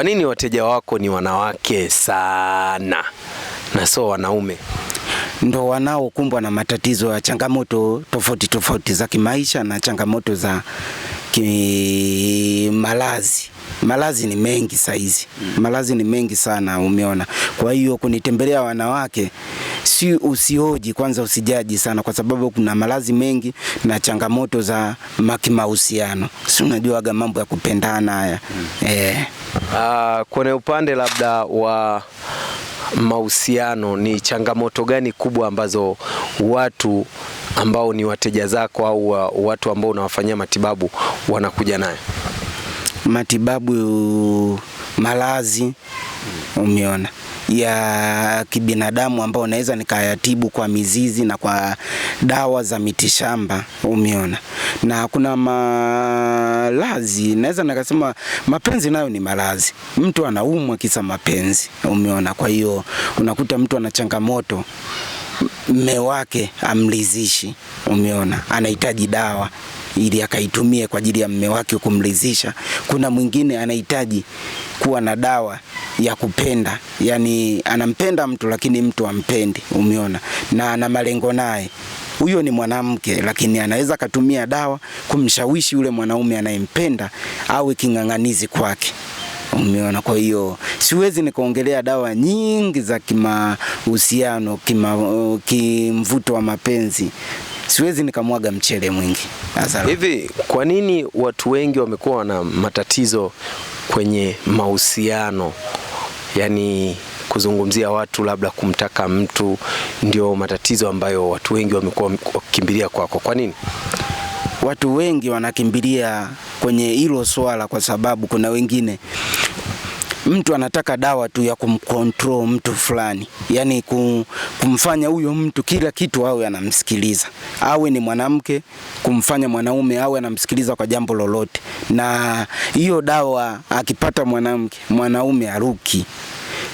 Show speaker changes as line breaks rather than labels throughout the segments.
Kwa nini wateja wako ni wanawake sana na sio wanaume?
Ndo wanaokumbwa na matatizo ya changamoto tofauti tofauti za kimaisha na changamoto za kimalazi. Malazi ni mengi saizi, malazi ni mengi sana, umeona. Kwa hiyo kunitembelea wanawake si usioji kwanza, usijaji sana, kwa sababu kuna malazi mengi na changamoto za makimahusiano, si unajuaga mambo ya kupendana haya mm. eh.
Uh, kwenye upande labda wa mahusiano ni changamoto gani kubwa ambazo watu ambao ni wateja zako au watu ambao unawafanyia matibabu wanakuja nayo?
Matibabu, malazi, umeona ya kibinadamu ambayo naweza nikayatibu kwa mizizi na kwa dawa za mitishamba, umeona. Na kuna malazi, naweza nikasema mapenzi nayo ni malazi. Mtu anaumwa kisa mapenzi, umeona. Kwa hiyo unakuta mtu ana changamoto mme wake amlizishi, umeona, anahitaji dawa ili akaitumie kwa ajili ya mme wake kumridhisha. Kuna mwingine anahitaji kuwa na dawa ya kupenda, yani anampenda mtu lakini mtu ampendi, umeona, na ana malengo naye huyo ni mwanamke lakini anaweza akatumia dawa kumshawishi yule mwanaume anayempenda awe king'ang'anizi kwake. Umeona, kwa hiyo siwezi nikaongelea dawa nyingi za kimahusiano, kimvuto wa mapenzi siwezi nikamwaga mchele mwingi.
Hivi kwa nini watu wengi wamekuwa na matatizo kwenye mahusiano? Yaani kuzungumzia watu labda kumtaka mtu, ndio matatizo ambayo watu wengi wamekuwa wakikimbilia kwako. Kwa nini
watu wengi wanakimbilia kwenye hilo swala? Kwa sababu kuna wengine mtu anataka dawa tu ya kumcontrol mtu fulani, yani kumfanya huyo mtu kila kitu awe anamsikiliza, awe ni mwanamke, kumfanya mwanaume awe anamsikiliza kwa jambo lolote. Na hiyo dawa akipata mwanamke, mwanaume aruki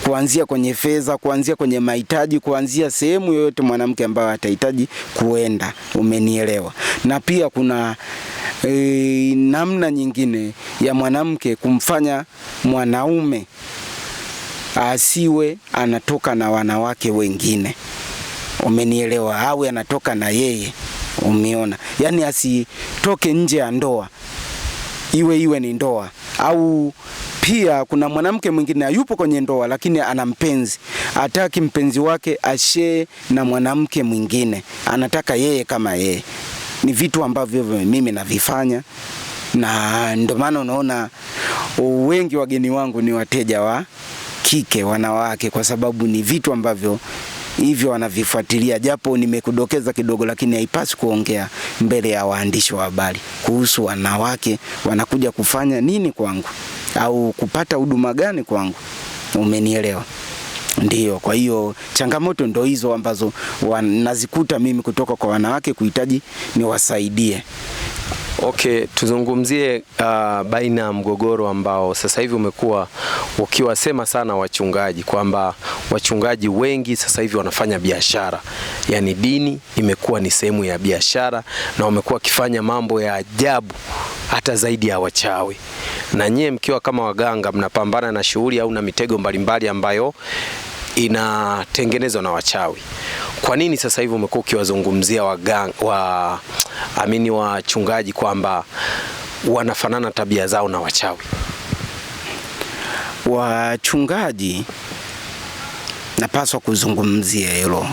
kuanzia kwenye fedha, kuanzia kwenye mahitaji, kuanzia sehemu yoyote mwanamke ambayo atahitaji kuenda. Umenielewa? Na pia kuna e, namna nyingine ya mwanamke kumfanya mwanaume asiwe anatoka na wanawake wengine, umenielewa? Awe anatoka na yeye, umeona? Yaani asitoke nje ya ndoa, iwe iwe ni ndoa au pia kuna mwanamke mwingine yupo kwenye ndoa lakini ana mpenzi, ataki mpenzi wake ashee na mwanamke mwingine, anataka yeye kama yeye ni vitu ambavyo mimi navifanya na ndio maana unaona wengi wageni wangu ni wateja wa kike, wanawake, kwa sababu ni vitu ambavyo hivyo wanavifuatilia, japo nimekudokeza kidogo, lakini haipaswi kuongea mbele ya waandishi wa habari kuhusu wanawake wanakuja kufanya nini kwangu au kupata huduma gani kwangu. Umenielewa? Ndiyo, kwa hiyo changamoto ndo hizo ambazo nazikuta mimi kutoka kwa wanawake kuhitaji niwasaidie.
Okay, tuzungumzie uh, baina ya mgogoro ambao sasa hivi umekuwa ukiwasema sana wachungaji kwamba wachungaji wengi sasa hivi wanafanya biashara, yaani dini imekuwa ni sehemu ya biashara na wamekuwa wakifanya mambo ya ajabu hata zaidi ya wachawi. Na nyie mkiwa kama waganga mnapambana na shughuli au na mitego mbalimbali ambayo inatengenezwa na wachawi. Kwa nini sasa hivi umekuwa ukiwazungumzia waganga wa amini wachungaji kwamba wanafanana tabia zao na wachawi?
Wachungaji napaswa kuzungumzia hilo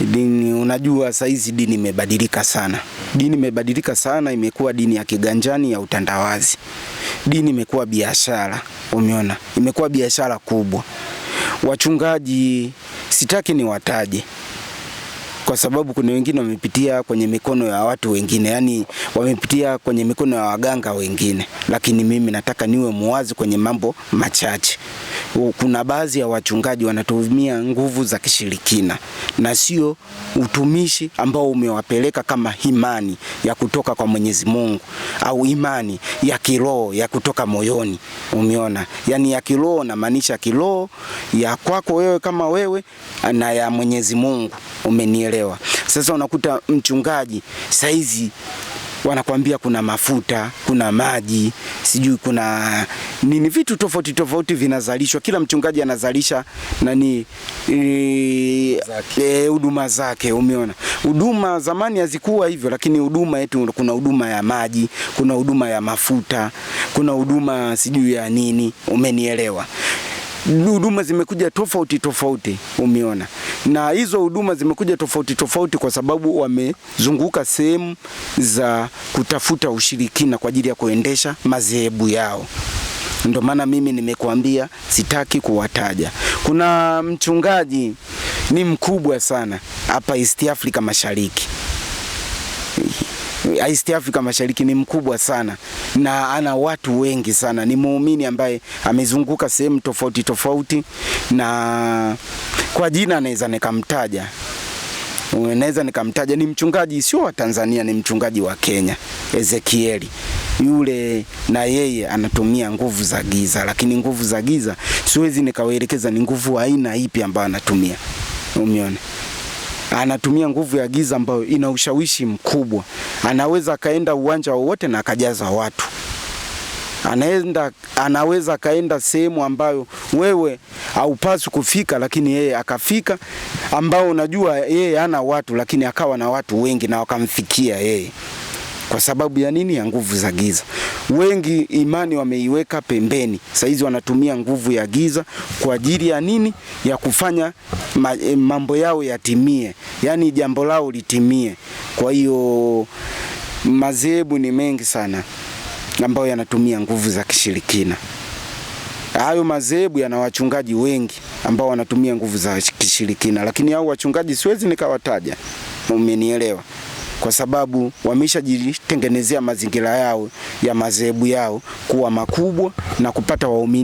dini. Unajua saizi dini imebadilika sana, dini imebadilika sana, imekuwa dini ya kiganjani ya utandawazi, dini imekuwa biashara. Umeona, imekuwa biashara kubwa wachungaji sitaki niwataje kwa sababu kuna wengine wamepitia kwenye mikono ya watu wengine, yani wamepitia kwenye mikono ya waganga wengine, lakini mimi nataka niwe muwazi kwenye mambo machache kuna baadhi ya wachungaji wanatumia nguvu za kishirikina na sio utumishi ambao umewapeleka kama imani ya kutoka kwa Mwenyezi Mungu au imani ya kiroho ya kutoka moyoni. Umeona, yani ya kiroho namaanisha kiroho ya kwako wewe kama wewe na ya Mwenyezi Mungu, umenielewa? Sasa unakuta mchungaji saizi wanakwambia kuna mafuta, kuna maji, sijui kuna nini, vitu tofauti tofauti vinazalishwa. Kila mchungaji anazalisha nani e, e, huduma e, zake. Umeona huduma zamani hazikuwa hivyo, lakini huduma yetu, kuna huduma ya maji, kuna huduma ya mafuta, kuna huduma sijui ya nini, umenielewa? huduma zimekuja tofauti tofauti, umeona, na hizo huduma zimekuja tofauti tofauti kwa sababu wamezunguka sehemu za kutafuta ushirikina kwa ajili ya kuendesha madhehebu yao. Ndio maana mimi nimekuambia sitaki kuwataja. Kuna mchungaji ni mkubwa sana hapa East Africa Mashariki East Africa Mashariki ni mkubwa sana na ana watu wengi sana, ni muumini ambaye amezunguka sehemu tofauti tofauti, na kwa jina naweza nikamtaja naweza nikamtaja, ni mchungaji sio wa Tanzania, ni mchungaji wa Kenya, Ezekieli. Yule na yeye anatumia nguvu za giza, lakini nguvu za giza siwezi nikawaelekeza ni nguvu aina ipi ambayo anatumia, umeona anatumia nguvu ya giza ambayo ina ushawishi mkubwa. Anaweza akaenda uwanja wowote na akajaza watu anaenda anaweza akaenda sehemu ambayo wewe haupaswi kufika, lakini yeye akafika, ambao unajua yeye hana watu, lakini akawa na watu wengi na wakamfikia yeye. Kwa sababu ya nini? Ya nguvu za giza. Wengi imani wameiweka pembeni, saizi wanatumia nguvu ya giza kwa ajili ya nini? Ya kufanya e, mambo yao yatimie, yaani jambo lao litimie. Kwa hiyo madhehebu ni mengi sana ambayo yanatumia nguvu za kishirikina. Hayo madhehebu yana wachungaji wengi ambao wanatumia nguvu za kishirikina, lakini hao wachungaji siwezi nikawataja, umenielewa? kwa sababu wameshajitengenezea mazingira yao ya madhehebu yao kuwa makubwa na kupata waumini